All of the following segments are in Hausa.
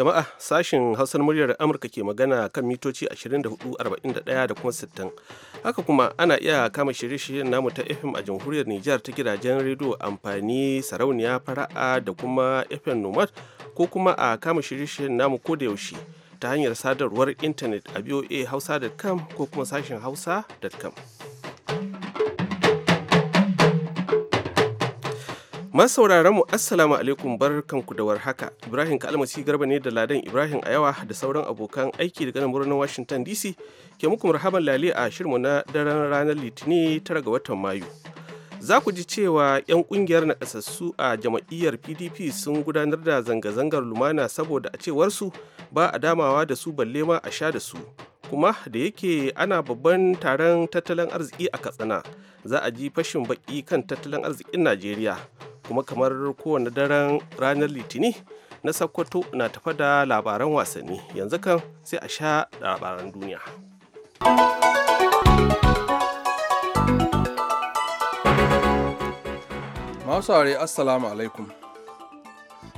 Jama'a sashen Hausar muryar Amurka ke magana kan mitoci 24,41 da kuma 60. Haka kuma ana iya kama shirye-shiryen namu ta FM a jamhuriyar Nijar ta gidajen rediyo amfani sarauniya fara'a da kuma FM Nomad ko kuma a kama shirye-shiryen namu ko da yaushe ta hanyar sadarwar intanet a hausa.com ko kuma sashen hausa.com. Masauraran mu assalamu alaikum barkanku da warhaka. Ibrahim Kalmasi Garba ne da Ladan Ibrahim Ayawa da sauran abokan aiki daga nan birnin Washington DC ke muku marhaban lale a shirmu na daren ranar Litini 9 ga watan Mayu. Za ku ji cewa 'yan kungiyar kasassu a jama'iyyar PDP sun gudanar da zanga-zangar lumana saboda a cewar su ba a damawa da su balle ma a sha da su. kuma da yake ana babban taron tattalin arziki a katsina za a ji fashin baki kan tattalin arzikin najeriya kuma kamar kowane daren ranar litini na sakkwato na tafa da labaran wasanni yanzu kan sai a sha labaran duniya masu assalamu alaikum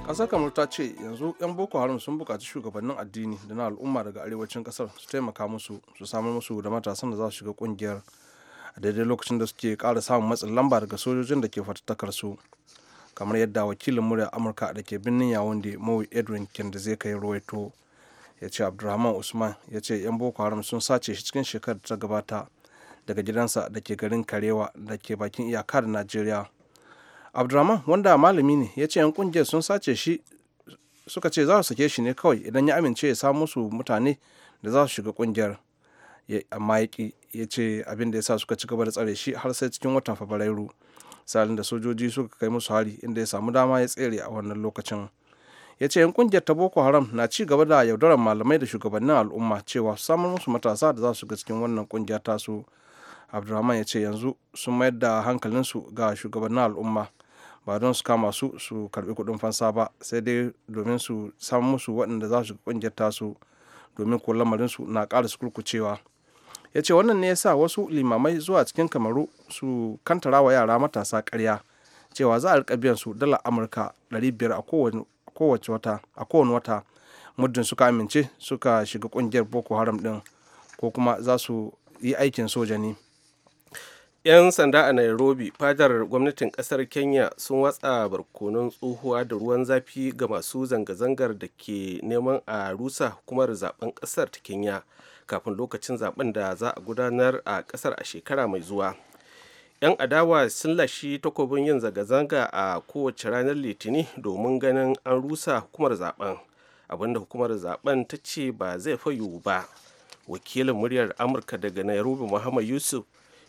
kasar kamar ta ce yanzu 'yan boko haram sun bukaci shugabannin addini da na al'umma daga arewacin kasar su taimaka musu su samar musu da matasan da za su shiga kungiyar a daidai lokacin da suke kara samun matsin lamba daga sojojin da ke fatattakar su kamar yadda wakilin muryar amurka da ke birnin yawon mawi edwin zai kai ruwaito ya ce abdulrahman usman ya ce 'yan boko haram sun sace shi cikin shekarar ta gabata daga gidansa da ke garin karewa da ke bakin iyaka da najeriya abdulrahman wanda malami ne ya ce 'yan kungiyar sun sace shi suka ce za su sake shi ne kawai idan ya amince ya samu su mutane da za su shiga kungiyar amma ya ce abin da ya sa suka ci gaba da tsare shi har sai cikin watan fabrairu salin da sojoji suka kai musu hari inda ya samu dama ya tsere a wannan lokacin ya ce 'yan kungiyar ta boko haram na ci gaba da yaudarar malamai da shugabannin al'umma cewa samun musu matasa da za su ga cikin wannan kungiyar tasu abdulrahman ya ce yanzu sun mayar da hankalinsu ga shugabannin al'umma ba don su kama su su karbi kudin fansa ba sai dai domin su samu musu waɗanda za su kungiyar tasu domin ko su na ƙara su kurkucewa ya ce wannan ne ya sa wasu limamai zuwa cikin kamaru su kantara wa yara matasa karya cewa za a rika biyan su dala amurka 500 a kowane wata muddin suka amince suka shiga kungiyar boko haram din ko kuma za su yi aikin soja ne 'yan sanda a nairobi fadar gwamnatin kasar kenya sun watsa barkonon tsohuwa da ruwan zafi ga masu zanga-zangar da ke neman a rusa hukumar zaben kasar ta kenya kafin lokacin zaben da za a gudanar a kasar a shekara mai zuwa yan adawa sun lashi takobin yin zanga-zanga a kowace ranar litini domin ganin an rusa hukumar zaben abinda hukumar zaben ta ce ba zai fayu ba wakilin muryar amurka daga nairobi muhammad yusuf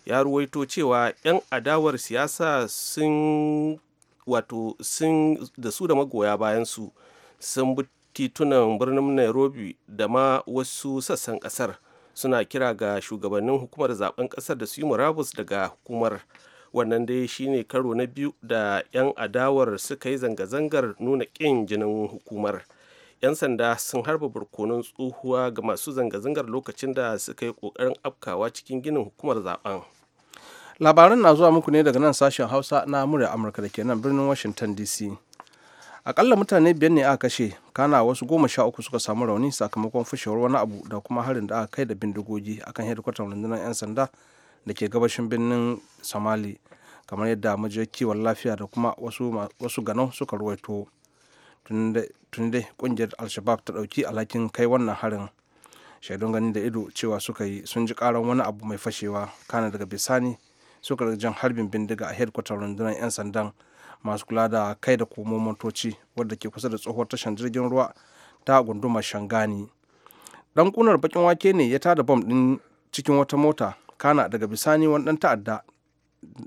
ya ruwaito cewa 'yan adawar siyasa sun wato sun da su da magoya bayan su sun titunan birnin nairobi da ma wasu sassan kasar suna kira ga shugabannin hukumar zaben kasar da su yi murabus daga hukumar wannan dai shine karo na biyu da 'yan adawar suka yi zanga-zangar nuna ƙin jinin hukumar 'yan sanda sun harba barkonon tsohuwa ga masu zanga-zangar lokacin da suka yi ƙoƙarin afkawa cikin ginin hukumar zaben labaran na zuwa muku ne daga nan sashen hausa na murya amurka da ke nan birnin washington dc akalla mutane biyar ne aka kashe kana wasu goma sha uku suka samu rauni sakamakon fashewar wani abu da kuma harin da aka kai da bindigogi akan hedikwatar rundunar 'yan sanda da ke gabashin birnin samali kamar yadda majiyar kiwon lafiya da kuma wasu, ganau suka ruwaito tun dai kungiyar alshabab ta dauki alhakin kai wannan harin shaidun gani da ido cewa suka yi sun ji karan wani abu mai fashewa kana daga bisani suka jan harbin bindiga a hedikwatar rundunar 'yan sandan masu kula da kai da komo motoci wadda ke kusa da tsohuwar tashar jirgin ruwa ta gunduma shangani dan kunar bakin wake ne ya tada bom din cikin wata mota kana daga bisani wani dan ta'adda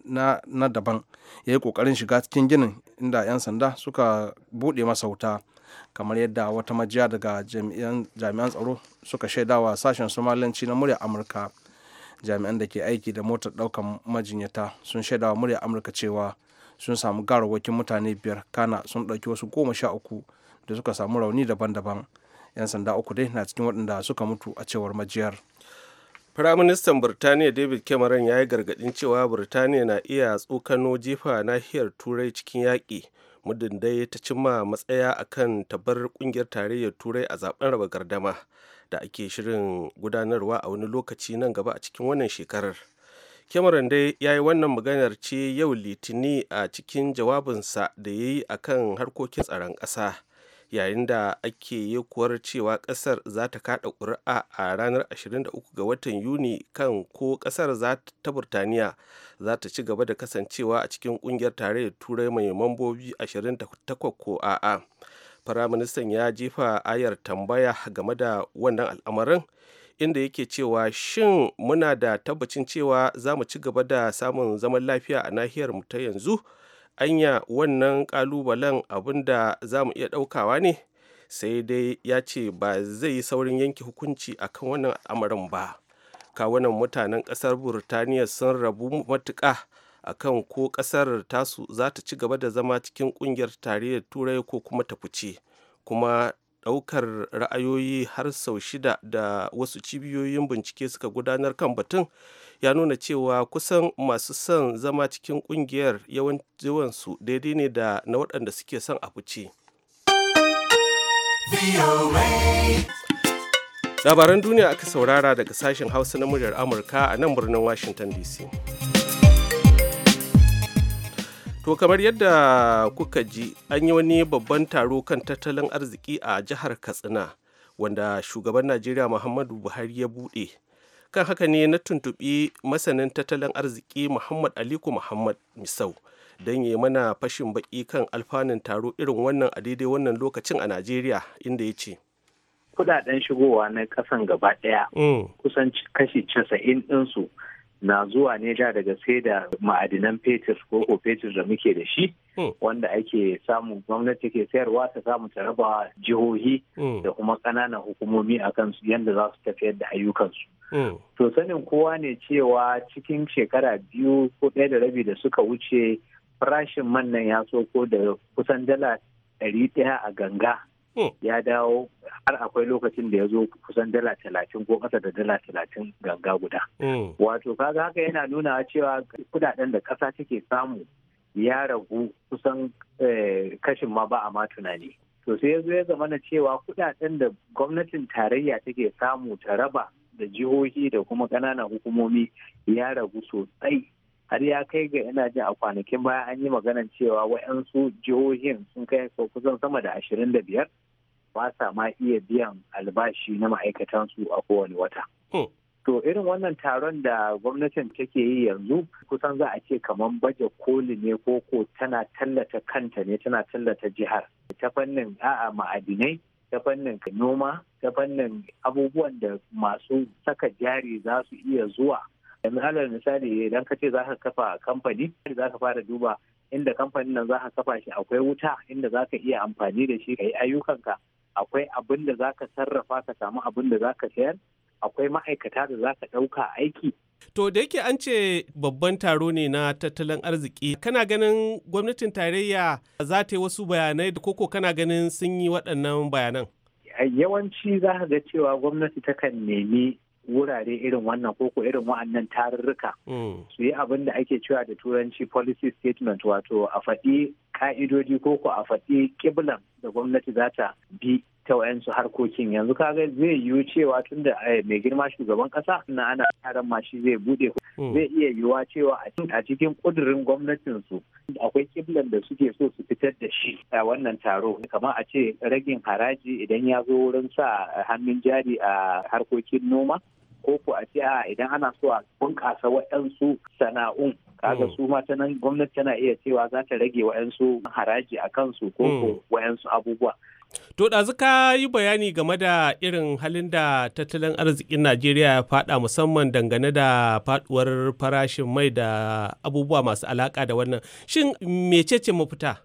na, na daban ya yi kokarin shiga cikin ginin inda 'yan sanda suka buɗe masa wuta kamar yadda wata majiya daga jami'an tsaro suka shaidawa sashen somalanci na murya amurka jami'an da ke aiki da motar ɗaukar majinyata sun shaidawa murya amurka cewa sun samu garawakin mutane biyar kana sun ɗauki wasu goma sha uku da suka samu rauni daban-daban 'yan sanda uku dai na cikin waɗanda suka mutu a cewar majiyar firaministan birtaniya david cameron ya yi gargaɗin cewa birtaniya na iya tsokano jefa nahiyar turai cikin yaƙi muddin dai ta cimma matsaya a kan tabar ƙungiyar tarayyar turai a zaben raba gardama da ake shirin gudanarwa a wani lokaci nan gaba a cikin wannan shekarar cameron dai ya yi wannan maganar ce yau litini a cikin jawabinsa da ya yi a kan harkokin tsaron ƙasa yayin da ake yi kuwar cewa ƙasar za ta kaɗa ƙuri'a a ranar 23 ga watan yuni kan ko ƙasar ta burtaniya za ta ci gaba da kasancewa a cikin ƙungiyar tarayyar turai mai mambobi 28 ko a'a firaministan ya jefa ayar tambaya game da wannan al'amarin inda yake cewa shin muna da tabbacin cewa za mu ci gaba da samun zaman lafiya a nahiyar mu ta yanzu anya wannan kalubalen abin da za mu iya ɗaukawa ne sai dai ya ce ba zai yi saurin yanke hukunci akan wannan al'amarin ba kawunan mutanen ƙasar burtaniya sun rabu matuƙa kan ko ƙasar tasu za ta ci gaba da zama cikin ƙungiyar da turai ko kuma ta fice kuma ɗaukar ra'ayoyi har sau shida da wasu cibiyoyin bincike suka gudanar kan batun ya nuna cewa kusan masu son zama cikin ƙungiyar yawansu daidai ne da na waɗanda suke son a fice. labaran duniya aka saurara daga sashen hausa na muryar amurka a nan birnin washington dc To kamar yadda kuka ji an yi wani babban taro kan tattalin arziki a jihar Katsina wanda shugaban Najeriya Muhammadu Buhari ya buɗe. Kan haka ne na tuntuɓi masanin tattalin arziki Muhammad Aliku Muhammad Misau don yi mana fashin baƙi kan alfanun taro irin wannan a daidai wannan lokacin a Najeriya inda ya ce. Kudaden shigowa na ƙasan gaba ɗaya mm. kusan kashi casa'in ɗinsu na zuwa ne da daga sai da ma'adinan fetur ko ko fetur da muke da shi hmm. wanda ake samu gwamnati ke sayarwa ta samu ta raba jihohi hmm. da kuma ƙananan hukumomi a kansu yadda za su tafiyar da ayyukansu. Hmm. To sanin kowa ne cewa cikin shekara biyu ko ɗaya da rabi da suka wuce farashin man nan ya soko da kusan dala ɗari ɗaya a ganga Hmm. ya dawo har akwai lokacin da ya zo kusan dala talatin ko ƙasa da dala talatin ganga guda. Hmm. Wato kaga haka yana nuna cewa kudaden da ƙasa take samu ya ragu kusan eh, kashin ma ba a ma tunani. To sai ya zo ya na cewa kudaden da gwamnatin tarayya take samu ta raba da jihohi da kuma ƙananan hukumomi ya ragu sosai. har ya kai ga yana jin a kwanakin baya an yi maganan cewa wa'yansu jihohin sun kai kusan sama da ashirin da biyar ba sa ma iya biyan albashi na ma'aikatansu a kowane wata. Oh. To irin wannan taron da gwamnatin take yi yanzu kusan za a ce kamar baje koli ne ko ko tana tallata kanta ne tana tallata jihar ta fannin a'a ma'adinai ta fannin noma ta fannin abubuwan da masu saka jari za su iya zuwa yanzu misali idan ka ce za ka kafa kamfani za ka fara duba inda kamfanin nan za ka kafa shi akwai wuta inda za ka iya amfani da shi ka yi ayyukanka akwai abin da za ka sarrafa ka samu abin da za ka sayar akwai ma'aikata da za ka ɗauka aiki To da yake an ce babban taro ne na tattalin arziki, kana ganin gwamnatin tarayya za ta yi wasu bayanai da koko kana ganin sun yi waɗannan bayanan? Yawanci za ka ga cewa gwamnati takan nemi wurare irin wannan koko irin wa'annan tarurruka mm. su yi abin da ake cewa da turanci policy statement wato a faɗi ka'idodi koko a faɗi kiblan da gwamnati za ta bi ta wayansu harkokin yanzu kaga zai yiwu cewa tun da eh, mai girma shugaban kasa na ana taron ma shi zai bude mm. zai iya yiwuwa cewa a cikin kudurin gwamnatin su akwai kiblan da suke so su fitar da shi a wannan taro kamar a ce ragin haraji idan ya zo wurin sa hannun jari a harkokin noma koko a ce idan ana so a bunƙasa waɗansu sana'un kaga hmm. su ma ta nan gwamnati tana iya cewa za ta rage waɗansu haraji a kansu koko hmm. waɗansu abubuwa. To ɗazu ka yi bayani game da irin halin da tattalin arzikin Najeriya ya faɗa musamman dangane da faɗuwar farashin mai da abubuwa masu alaka da wannan. Shin mecece mafita?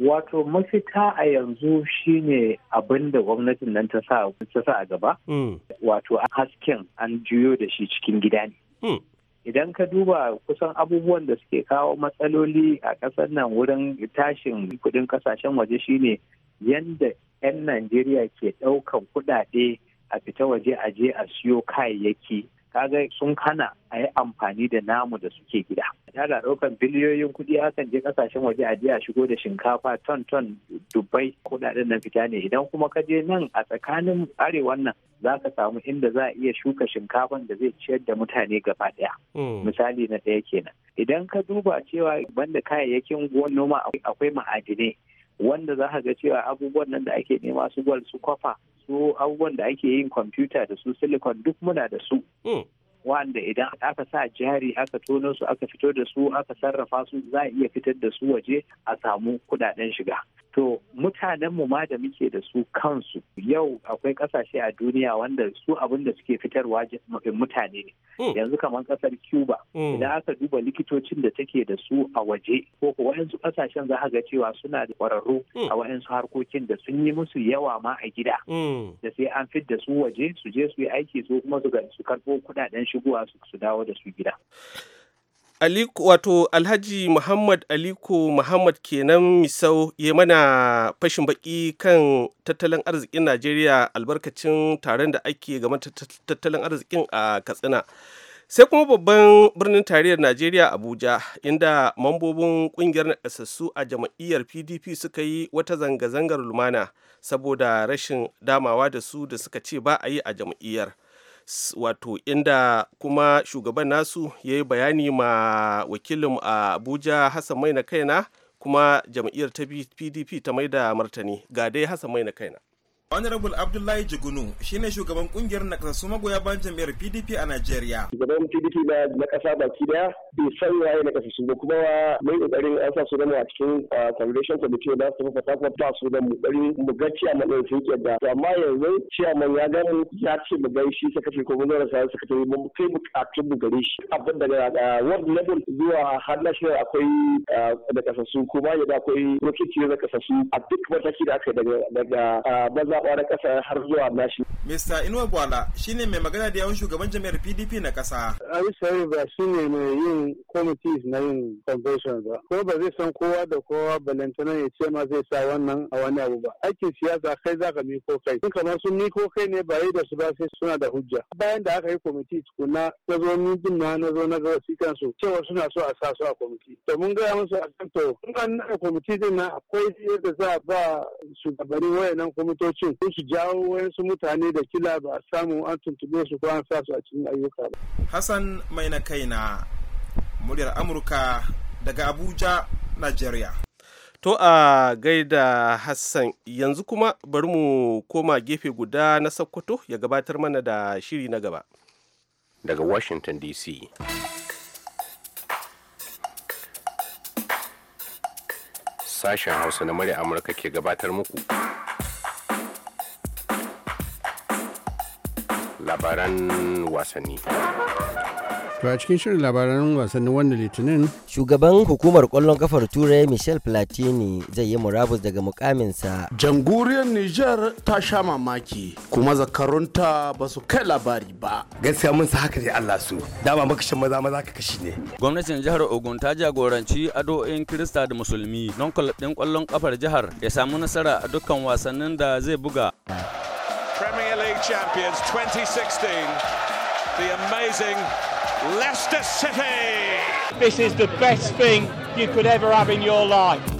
wato mafita a yanzu shine abinda gwamnatin nan ta sa a gaba hmm. wato hasken an juyo da shi cikin gida ne hmm. idan ka duba kusan abubuwan da suke kawo matsaloli a ƙasar nan wurin tashin kudin kasashen waje shine yadda 'yan najeriya ke ɗaukan kuɗaɗe a fita waje a je a siyo kayayyaki kaga sun hana a yi amfani da namu da suke gida yana ɗaukan biliyoyin kuɗi hakan je ƙasashen waje a jiya shigo da shinkafa ton ton dubai kuɗaɗen nan fita ne idan kuma ka je nan a tsakanin arewan nan za ka samu inda za a iya shuka shinkafan da zai ciyar da mutane gaba ɗaya hmm. misali na ɗaya kenan idan ka duba cewa banda kayayyakin noma akwai ma'adinai wanda za ka ga cewa abubuwan nan da ake nema su gwal su kwafa su abubuwan da ake yin kwamfuta da su silicon duk muna da su hmm. wanda idan aka sa jari aka tono su aka fito da su aka sarrafa su za a iya fitar da su waje a samu kudaden shiga to mutanenmu ma da muke da su kansu yau akwai kasashe a duniya wanda su abin da suke fitarwa mutane ne hmm. yanzu kamar kasar cuba hmm. idan aka duba likitocin da take da su a waje ko waɗansu kasashen za ga cewa suna da ƙwararru hmm. a waɗansu harkokin da sun yi musu yawa ma a gida da sai an da su waje su je su yi aiki su kuma su karɓo kuɗaɗen shigowa su dawo da su gida Aliko wato Alhaji Muhammad Aliko Muhammad kenan misau ya mana fashin baki kan tattalin arzikin Najeriya albarkacin taron da ake game tattalin arzikin a Katsina. Sai kuma babban birnin tarayyar Najeriya Abuja inda mambobin kungiyar nakasassu a jam'iyyar PDP suka yi wata zanga-zangar lumana saboda rashin damawa da su da suka ce ba a yi a jam'iyyar. wato inda kuma shugaban nasu ya yi bayani ma wakilin abuja hassan mai na kaina kuma jam'iyyar ta pdp ta mai da martani ga dai hassan mai na kaina Honorable Abdullahi Jigunu shine shugaban kungiyar nakasassu magoya bayan jam'iyyar PDP a Najeriya. Shugaban PDP na na kasa baki daya bai san waye na kasassu ba kuma mai kokarin an sa su da a cikin congregation committee da su fata kuma ta su da mu kokari mu ga chairman din sun yadda to amma yanzu chairman ya ga ya ce mu ga shi sakatare ko mun rasa sakatare mu kai bukatun mu gare shi abin daga world level zuwa har national akwai da kasassu kuma yadda akwai wakilci na kasassu a duk mataki da aka daga daga maza zaɓa na ƙasa har zuwa nashi. Mr. Inuwa Gwala shi ne mai magana da yawan shugaban jami'ar PDP na ƙasa. Ali Sari ba shi ne mai yin committees na yin convention ba. Ko ba zai san kowa da kowa balantana ya ce ma zai sa wannan a wani abu ba. Aikin siyasa kai za ka miko kai. Sun kamar sun miko kai ne ba yi da su ba sai suna da hujja. Bayan da aka yi kwamiti tukuna na zo ni bin na na zo na ga wasikan su cewa suna so a sa su a kwamiti. To mun gaya musu a kan to in na kwamiti din na akwai yadda za a ba shugabanni wayannan kwamitocin wannan sai su jawo wayansu mutane da kila ba a samu an tuntube su ko an sa su a cikin ayyuka ba. Hassan mai na kai na muryar Amurka daga Abuja, Najeriya. To a gaida Hassan yanzu kuma bari mu koma gefe guda na Sokoto ya gabatar mana da shiri na gaba. Daga Washington DC. Sashen Hausa na murya Amurka ke gabatar muku. labaran wasanni. To a cikin shirin labaran wasanni wanda litinin. Shugaban hukumar kwallon kafar turai Michel Platini zai yi murabus daga mukaminsa. Janguriyar Nijar ta sha mamaki kuma zakarunta ba su kai labari ba. Gaskiya mun sa haka ne Allah su. Dama makashin maza maza ka kashi ne. Gwamnatin jihar Ogun ta jagoranci addu'o'in Kirista da Musulmi don kwallon kafar jihar ya samu nasara a dukkan wasannin da zai buga. champions 2016, the amazing Leicester City. This is the best thing you could ever have in your life.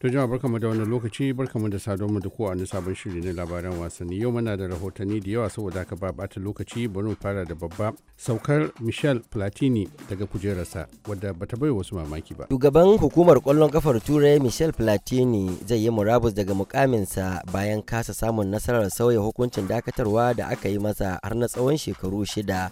To jama'a barkamu da wani lokaci barkamu da saduwa da ku a sabon shiri na labaran wasanni yau muna da rahotanni da yawa saboda ka ba bata lokaci bari mu fara da babba saukar Michel Platini daga kujerarsa wadda bata bai wasu mamaki ba. Shugaban hukumar kwallon kafar Turai Michel Platini zai yi murabus daga mukaminsa bayan kasa samun nasarar sauya hukuncin dakatarwa da aka yi masa har na tsawon shekaru shida.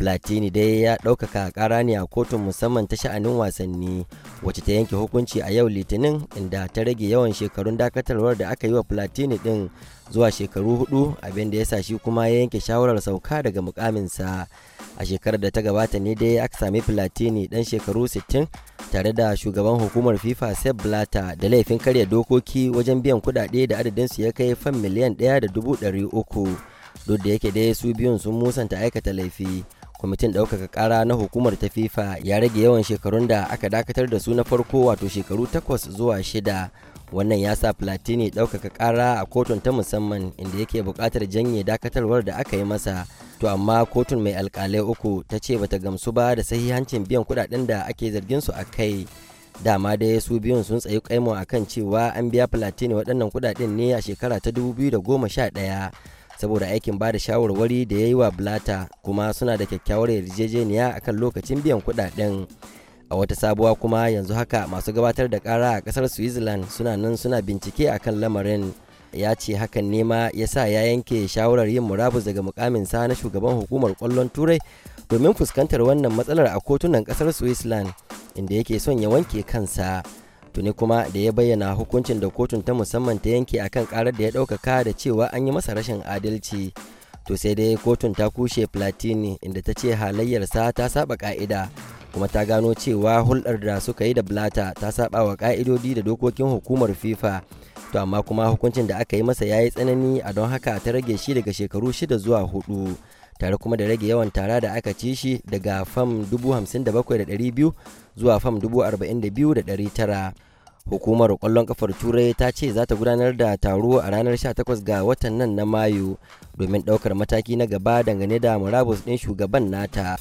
platini dai ya ɗaukaka ƙara ne a kotun musamman ta sha'anin wasanni wacce ta yanke hukunci a yau litinin inda ta rage yawan shekarun dakatarwar da aka yi wa platini din zuwa shekaru hudu abin da ya sa shi kuma ya yanke shawarar sauka daga mukaminsa a shekarar da ta gabata ne dai aka sami platini dan shekaru 60 tare da shugaban hukumar fifa sep blatter da laifin karya dokoki wajen biyan kuɗaɗe da adadinsu ya kai fam miliyan ɗaya duk da yake dai su biyun sun musanta aikata laifi kwamitin ɗaukaka ƙara na hukumar ta fifa ya rage yawan shekarun da aka dakatar da su na farko wato shekaru takwas zuwa shida wannan ya sa platini ɗaukaka ƙara a kotun ta musamman inda yake buƙatar janye dakatarwar da aka yi masa to amma kotun mai alƙalai uku ta ce bata gamsu ba da sahihancin biyan kuɗaɗen da ake zargin su a kai dama dai su biyun sun tsayi kaimo akan cewa an biya platini waɗannan kuɗaɗen ne a shekara ta 2011 saboda aikin ba da shawarwari da ya yi wa blata kuma suna da kyakkyawar yarjejeniya akan lokacin biyan kudaden a wata sabuwa kuma yanzu haka masu gabatar da kara a kasar switzerland suna nan suna bincike akan lamarin ya ce hakan nema ya sa ya yanke shawarar yin murabus daga mukaminsa na shugaban hukumar kwallon turai domin fuskantar wannan matsalar a kotunan kasar switzerland inda yake son ya wanke kansa tuni kuma da ya bayyana hukuncin da kotun ta musamman ta yanke akan karar da ya ɗaukaka da cewa an yi masa rashin adalci to sai dai kotun ta kushe platini inda ta ce halayyarsa ta saba ka'ida kuma ta gano cewa hulɗar da suka yi da blata ta saba wa ka'idodi da dokokin hukumar fifa to amma kuma hukuncin da aka yi masa ya yi tsanani a don haka ta rage shi daga shekaru shida zuwa hudu tare kuma da rage yawan tara da aka ci shi daga fam 57,200 zuwa fam 42,900 hukumar kwallon kafar turai ta ce za ta gudanar da taro a ranar 18 ga watan nan na mayu domin ɗaukar mataki na gaba dangane da murabus ɗin shugaban nata.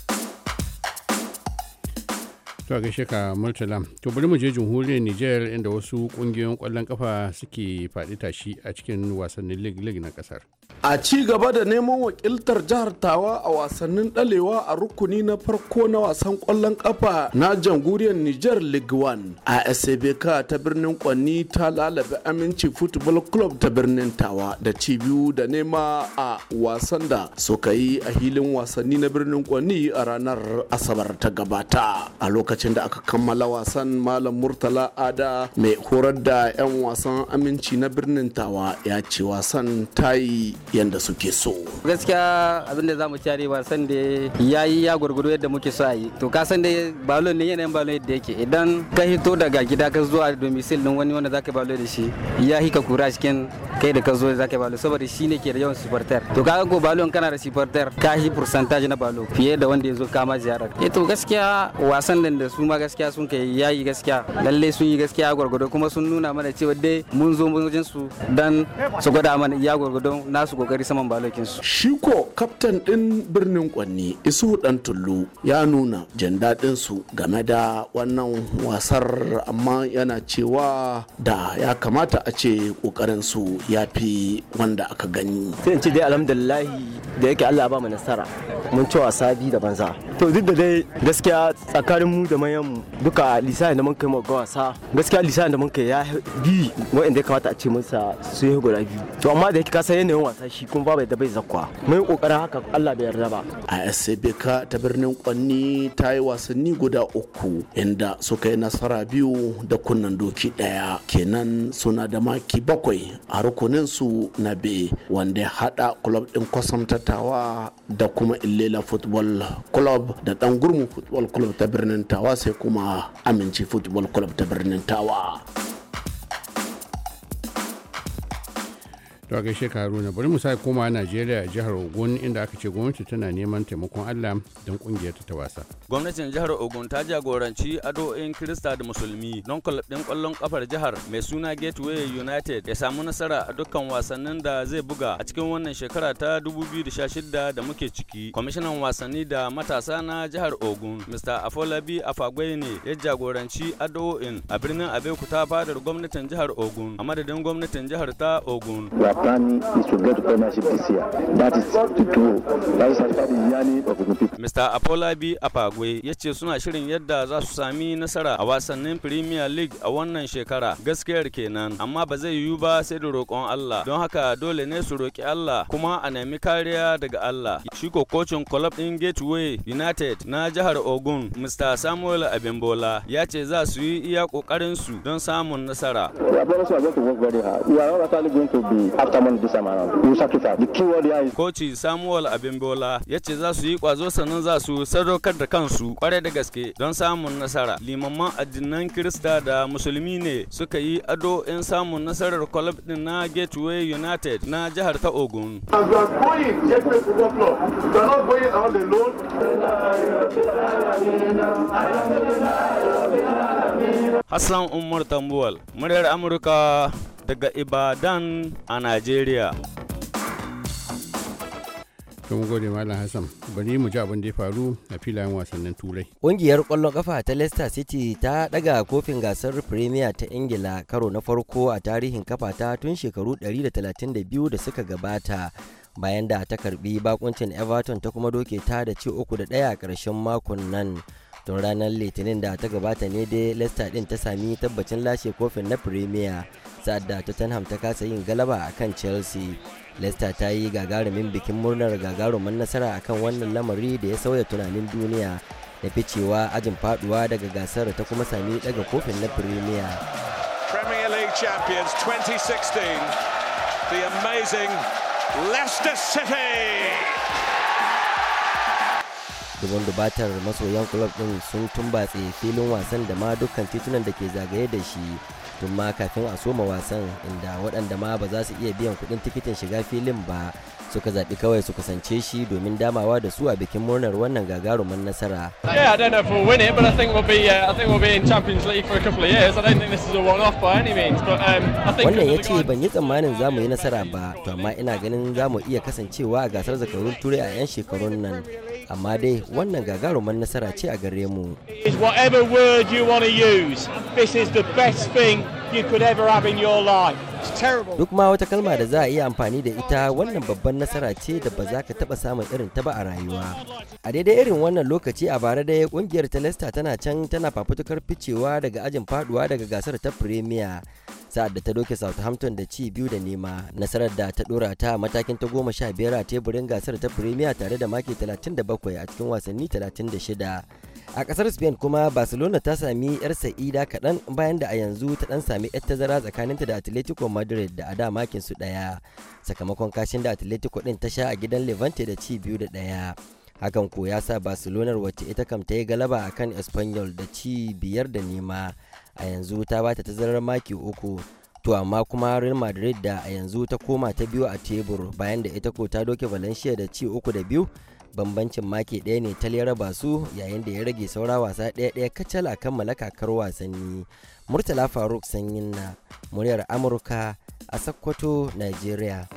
to a gaishe ka murtala to bari mu je jamhuriyar niger inda wasu kungiyoyin kwallon kafa suke faɗi tashi a cikin wasannin lig-lig na kasar a ci gaba da neman wakiltar jihar tawa a wasannin ɗalewa a rukuni na farko na wasan kwallon kafa na jamhuriyar niger league 1 a sabk ta birnin kwanni ta lalabe aminci football club ta birnin tawa da ci biyu da nema a wasan da suka yi a hilin wasanni na birnin kwanni a ranar asabar ta gabata a lokacin lokacin da aka kammala wasan malam murtala ada mai horar da 'yan wasan aminci na birnin tawa ya ce wasan ta yi yadda suke so gaskiya abin da za mu cari wasan da ya yi ya gwargwado yadda muke so a yi to ka san da balon ne yanayin balon yadda yake idan ka hito daga gida ka zuwa domicil din wani wanda zaka balo da shi ya ka kura cikin kai da ka zo zaka balo saboda shi ne ke da yawan supporter to ka ko balon kana da supporter ka hi percentage na balo fiye da wanda ya zo kama ziyara eh to gaskiya wasan da su ma gaskiya sun kai yayi gaskiya lalle sun yi gaskiya gwargwado kuma sun nuna mana cewa dai mun zo wajen su dan su gwada mana iya gwargwado nasu kokari saman balokin su shi ko kaftan din birnin kwanni isu dan tullu ya nuna jin dadin su game da wannan wasar amma yana cewa da ya kamata a ce kokarin su ya fi wanda aka gani sai in ce dai alhamdulillahi da yake Allah ba mu nasara mun ci wasa bi da banza to duk da dai gaskiya tsakanin mu da manyan mu duka lisani da mun kai mu wasa gaskiya lisani da mun kai ya bi wa'anda ya kamata a ce masa su yi guda biyu to amma da yake kasa yanayin wasa shi kuma babu da bai zakwa mun kokarin haka Allah bai yarda ba a SBK ta birnin Kwanni ta yi wasanni guda uku inda suka yi nasara biyu da kunnan doki daya kenan suna da maki bakwai a rukunin su na B wanda ya hada club din kwasam tattawa da kuma Illela Football Club da dan gurmu Football Club ta birnin Tawa sai kuma amince football club ta birnin tawa to a gaishe ka haruna bari mu sa koma najeriya jihar ogun inda aka ce gwamnati tana neman taimakon allah don kungiyar ta wasa gwamnatin jihar ogun ta jagoranci addu'o'in kirista da musulmi don kwalab din kwallon kafar jihar mai suna gateway united ya samu nasara a dukkan wasannin da zai buga a cikin wannan shekara ta 2016 da muke ciki kwamishinan wasanni da matasa na jihar ogun mr afolabi afagwai ne ya jagoranci adoin a birnin abeokuta fadar gwamnatin jihar ogun a madadin gwamnatin jihar ta ogun Mr. Apolabi Apagwe ya ce suna shirin yadda za su sami nasara a wasannin Premier League a wannan shekara. Gaskiyar kenan, amma ba zai yiwu ba sai da roƙon Allah. Don haka dole ne su roƙi Allah kuma a nemi kariya daga Allah. Shi ko kocin club ɗin Gateway United na jihar Ogun, Mr. Samuel Abimbola ya ce za su yi iya ƙoƙarin su don samun nasara. department bisa mana you sacrifice the key word here is koci Samuel Abimbola yace za su yi kwazo sannan za su sadaukar da kansu kware da gaske don samun nasara limaman addinan Kirista da musulmi ne suka yi ado in samun nasarar club din na Gateway United na jihar ta Ogun Hassan Umar Tambuwal, muryar Amurka daga Ibadan a Najeriya. tun gode malam hassan bari mu ji da ya faru a filayen wasannin turai ƙungiyar ƙwallon kafa ta leicester city ta daga kofin gasar premier ta ingila karo na farko a tarihin kafa ta tun shekaru 132 da suka gabata bayan da ta karbi bakuncin everton ta kuma doke ta da ci uku da ɗaya a ƙarshen makon nan tun ranar litinin da ta gabata ne dai leicester din ta sami tabbacin lashe kofin na premier sa'ad da tottenham ta kasa yin galaba akan kan chelsea leicester ta yi gagarumin bikin murnar gagarumin nasara akan wannan lamari da ya sauya tunanin duniya da ficewa ajin faduwa daga gasar ta kuma sami daga kofin na premier premier league champions 2016 the amazing leicester city dubun dubatar masoyan club din sun tumbatse filin wasan da ma dukkan titunan da ke zagaye da shi tun ma kafin a soma wasan inda waɗanda ma ba za su iya biyan kuɗin tikitin shiga filin ba suka zaɓi kawai su kasance shi domin damawa da su a bikin murnar wannan gagarumin nasara. Yeah, I don't know if we'll win it, but I think we'll be, uh, I think we'll be in Champions League for a couple of years. I don't think this is a one-off by any means, but um, I think. Wannan ya ce ban yi tsammanin za mu yi nasara ba, to amma ina ganin za mu iya kasancewa a gasar zakarun turai a 'yan shekarun nan. amma dai wannan gagarumar nasara ce a gare mu whatever word you want to use this is the best thing you could ever have in your life Duk ma wata kalma da za a iya amfani da ita wannan babban nasara ce da ba za ka taba samun irin ta ba a rayuwa. A daidai irin wannan lokaci a bara dai kungiyar ta tana can tana fafutukar ficewa daga ajin faduwa daga gasar ta Premier. sa'ad da ta doke Southampton da ci biyu da nema nasarar da ta dora ta matakin ta goma sha biyar a teburin gasar ta Premier tare da maki 37 a cikin wasanni 36. a kasar spain kuma barcelona ta sami yar sa'ida kaɗan bayan da a yanzu ta ɗan sami yar tazara tsakaninta da atletico madrid da a da makin su ɗaya sakamakon kashin da atletico ɗin ta sha a gidan levante da ci biyu da ɗaya hakan ko ya sa barcelona wacce ita kam ta yi galaba a kan espanyol da ci biyar da nema a yanzu ta ba ta tazarar maki uku to amma kuma real madrid da a yanzu ta koma ta biyu a tebur bayan da ita ko ta doke valencia da ci uku da biyu bambancin make ɗaya ne tal raba su yayin da ya rage saura wasa ɗaya ɗaya kacal a kammala kakar wasanni murtala faruk sanyin na muryar amurka a sakkwato nigeria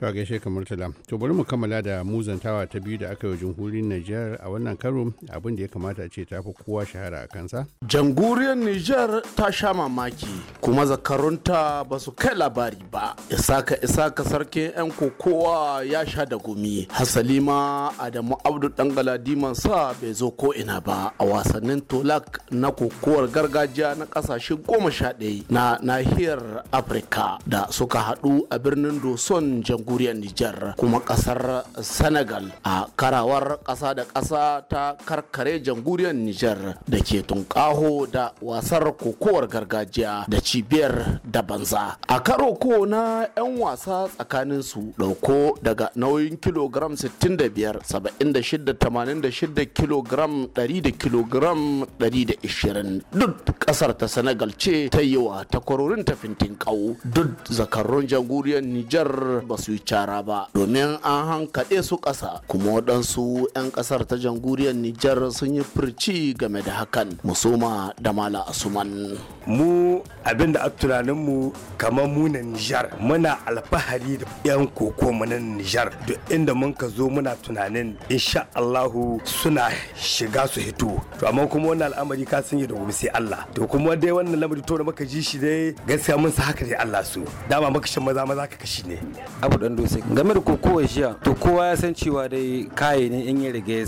Ta a gaishe kamar tala. To bari mu kammala da muzantawa ta biyu da aka yi jamhuriyar Nijar a wannan karo abin da ya kamata ce ta fi kowa shahara a kansa. Jamhuriyar Nijar ta sha mamaki kuma zakarunta ba su kai labari ba. Isaka Isaka sarki 'yan kokowa ya sha da gumi. Hasali ma Adamu Abdu Dangala Diman sa bai zo ko ina ba a wasannin Tolak na kokowar gargajiya na kasashe goma sha ɗaya na nahiyar Afirka da suka haɗu a birnin Doson jamhuriyar jamhuriyar Nijar kuma kasar Senegal a karawar kasa da kasa ta karkare jamhuriyar Nijar da ke tunkaho da wasar kokowar gargajiya da cibiyar da banza. A karo ko na 'yan wasa tsakanin su dauko daga nauyin kilogram 65 76 86 kilogram 100 da kilogram 120 duk kasar ta Senegal ce ta yi wa takwarorin tafintin kau duk zakarun jamhuriyar Nijar ba su bicara ba domin an hankaɗe su ƙasa kuma wadansu 'yan ƙasar ta jamhuriyar Nijar sun yi furci game da hakan musoma da mala asuman. Mu abin da tunaninmu kamar mu Nijar muna alfahari da 'yan koko mu na Nijar duk inda mun ka zo muna tunanin insha Allahu suna shiga su hito to amma kuma wannan al'amari ka yi da gobe sai Allah to kuma dai wannan lamari to da muka ji shi dai gaskiya mun sa haka dai Allah su dama maka shan maza maza ka kashi ne abu don dutse game da kokowa jiya to kowa ya san cewa dai kaye ne in ya riga ya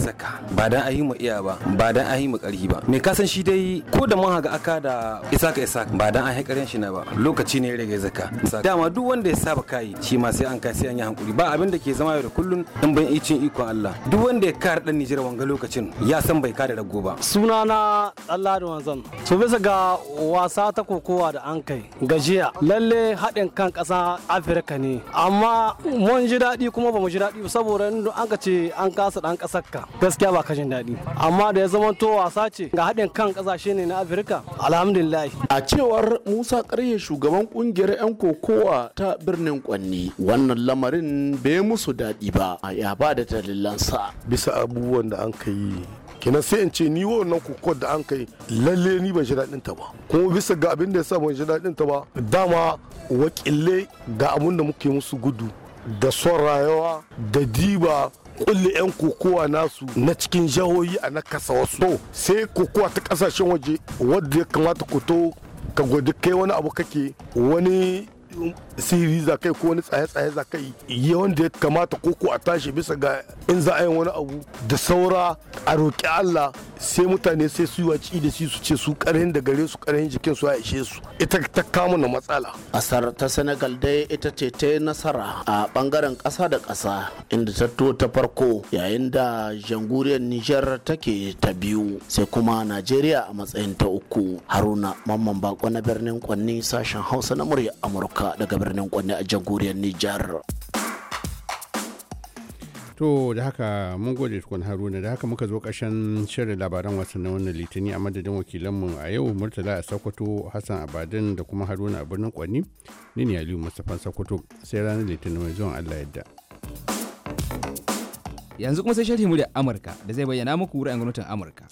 ba dan ahi mu iya ba ba dan ahi mu karhi ba me ka san shi dai ko da mun haga aka da isaka isaka ba dan ahi karin shi na ba lokaci ne ya riga dama duk wanda ya saba kayi shi ma sai an kai sai an yi hankuri ba abin da ke zama yau da kullun in ban icin ikon Allah duk wanda ya kare dan Nijar wanga lokacin ya san bai kada rago ba sunana Allah da wanzan to bisa ga wasa ta kokowa da an kai gajiya lalle haɗin kan ƙasa Afirka ne amma mun ji daɗi kuma ba mu ji daɗi saboda inda an ka ce an kasa ɗan ƙasar ka gaskiya ba ka jin daɗi amma da ya zama to wasa ce ga haɗin kan ƙasashe ne na afirka alhamdulillah a cewar musa ƙarye shugaban ƙungiyar 'yan kokowa ta birnin kwanni wannan lamarin bai musu daɗi ba a ya ba da dalilansa bisa abubuwan da an ka yi kenan sai in ce ni wannan kokon da an kai lalle ni ban ji daɗin ta ba kuma bisa ga abin da ya sa ban ji daɗin ta ba dama wakile ga abin da muke musu gudu da son rayuwa da diba kulle 'yan kokowa nasu na cikin jihohi a na kasa wasu sai kokowa ta kasashen waje wadda ya kamata ku to ka gwada kai wani abu kake wani siri za kai ko wani tsaye-tsaye za kai yi wanda ya kamata koko a tashi bisa ga in za a yi wani abu da saura a roƙi Allah sai mutane sai su yi waci da su ce su ƙarhin da gare su ƙarhin jikin su a ishe su ita ta kamu na matsala. Asar ta Senegal dai ita ce ta nasara a bangaren ƙasa da ƙasa inda ta to ta farko yayin da janguriyar Nijar take ta biyu sai kuma Najeriya a matsayin ta uku Haruna Mamman Bako na birnin Kwanni sashen Hausa na murya Amurka. amurka daga birnin kwanne a jamhuriyar nijar to da haka mun gode tukun haruna da haka muka zo ƙarshen shirin labaran na wannan litini a madadin wakilanmu a yau murtala a sokoto hassan abadin da kuma haruna a birnin kwanni ni ne aliyu mustapha sokoto sai ranar litinin mai zuwan allah yadda yanzu kuma sai sharhi mu da amurka da zai bayyana muku ra'ayin gwamnatin amurka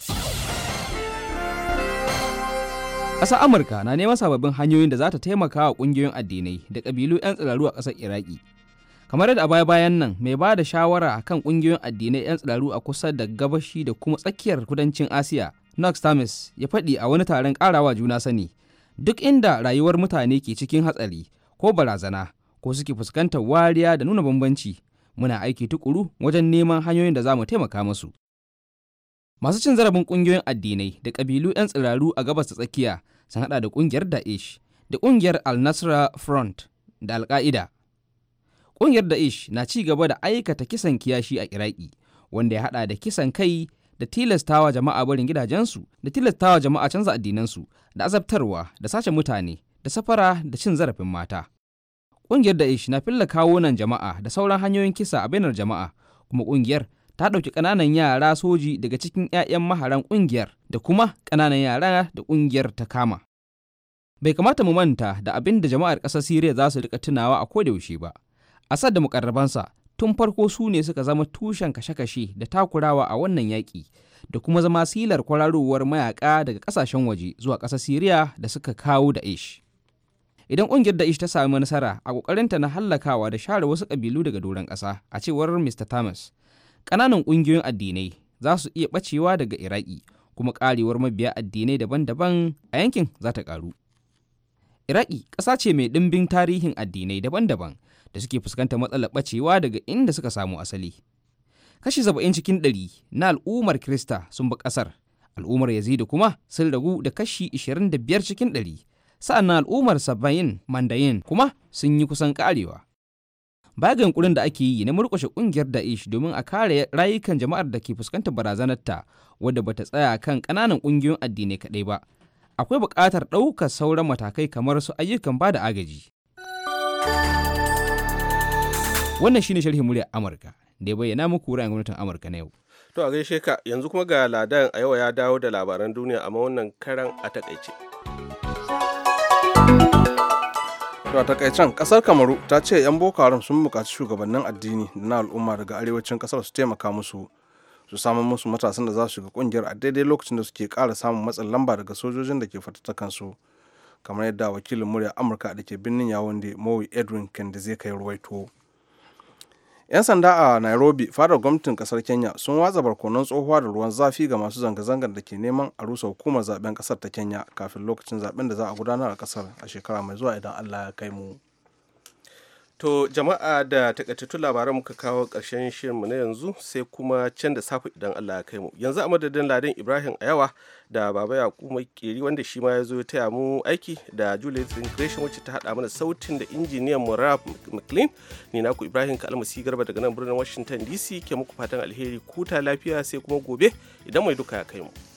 ƙasar amurka na neman sababbin hanyoyin da za ta taimaka wa ƙungiyoyin addinai da ƙabilu 'yan tsiraru a ƙasar iraki kamar yadda a baya bayan nan mai ba da shawara kan ƙungiyoyin addinai 'yan tsiraru a kusa da gabashi da kuma tsakiyar kudancin asiya Knox Thomas ya faɗi a wani taron ƙarawa juna sani duk inda rayuwar mutane ke cikin hatsari ko barazana ko suke fuskantar wariya da nuna bambanci muna aiki tukuru wajen neman hanyoyin da za mu taimaka musu masu cin zarafin kungiyoyin addinai da kabilu 'yan tsiraru a gabas ta tsakiya sun hada da kungiyar daesh da kungiyar al nasra front da al-qaida kungiyar daesh na ci gaba da aikata kisan kiyashi a iraki wanda ya hada da kisan kai da tilastawa jama'a barin gidajensu da tilastawa jama'a canza addinansu da azabtarwa da sace mutane da safara da cin zarafin mata ƙungiyar daesh na fillaka kawo nan jama'a da sauran hanyoyin kisa a bainar jama'a kuma ƙungiyar ta ɗauki ƙananan yara soji daga cikin 'ya'yan maharan ƙungiyar da kuma ƙananan yara da ƙungiyar ta kama. Bai kamata mu manta da abin da jama'ar ƙasar Siriya za su riƙa tunawa a ko kodayaushe ba. Asad da muƙarrabansa tun farko su ne suka zama tushen kashe-kashe da takurawa a wannan yaƙi da kuma zama silar kwararowar mayaƙa daga ƙasashen waje zuwa ƙasar Siriya da suka kawo da ish. idan ƙungiyar ish ta sami nasara a ƙoƙarinta na hallakawa da share wasu ƙabilu daga doron ƙasa a cewar Mr. Thomas ƙananan ƙungiyoyin addinai za su iya ɓacewa daga iraki kuma ƙarewar mabiya addinai daban-daban a yankin za ta ƙaru iraki ƙasa ce mai ɗimbin tarihin addinai daban-daban da suke fuskantar matsalar ɓacewa daga inda suka samu asali kashi saba'in cikin ɗari na al'ummar Kirista sun bi ƙasar al'ummar Yazidu kuma sun ragu da kashi ishirin da biyar cikin ɗari sa'an al'ummar sabayin mandayin kuma sun yi kusan ƙarewa bagan ga yunkurin da ake yi na murƙushe kungiyar da'ish domin a kare rayukan jama'ar da ke fuskantar barazanarta wadda bata tsaya kan kananan kungiyoyin addinai kadai ba akwai buƙatar ɗaukar sauran matakai kamar su ayyukan ba da agaji wannan shine sharhin muryar amurka da ya bayyana muku ra'ayin gwamnatin amurka na yau to a gaishe ka yanzu kuma ga ladan a yau ya dawo da labaran duniya amma wannan karan a takaice To takaicen kasar Kamaru ta ce 'yan Boko Haram sun bukaci shugabannin addini da na al'umma daga arewacin kasar su taimaka musu su samun musu matasan da za su shiga kungiyar a daidai lokacin da suke kara samun matsin lamba daga sojojin da ke fatattakan su kamar yadda wakilin murya Amurka da ke birnin Yawon da Mowi Edwin Kendi zai kai ruwaito. 'yan sanda a nairobi fadar gwamnatin kasar kenya sun watsa barkonon tsohuwa da ruwan zafi ga masu zanga-zangar da ke neman a rusa hukumar zaben kasar ta kenya kafin lokacin zaben da za a gudanar a kasar a shekara mai zuwa idan allah ya kai mu To jama'a da takaitattun labaran muka kawo ƙarshen shirinmu na yanzu sai kuma can da safe idan Allah ya kai mu. Yanzu a madadin Ladin Ibrahim Ayawa da Baba Yakubu Keri wanda shi ma ya zo taya mu aiki da Juliet Creation wacce ta haɗa mana sautin da injiniyan murab Rap McLean. Ni naku Ibrahim Kalmasi Garba daga nan birnin Washington DC ke muku fatan alheri kuta lafiya sai kuma gobe idan mai duka ya kai mu.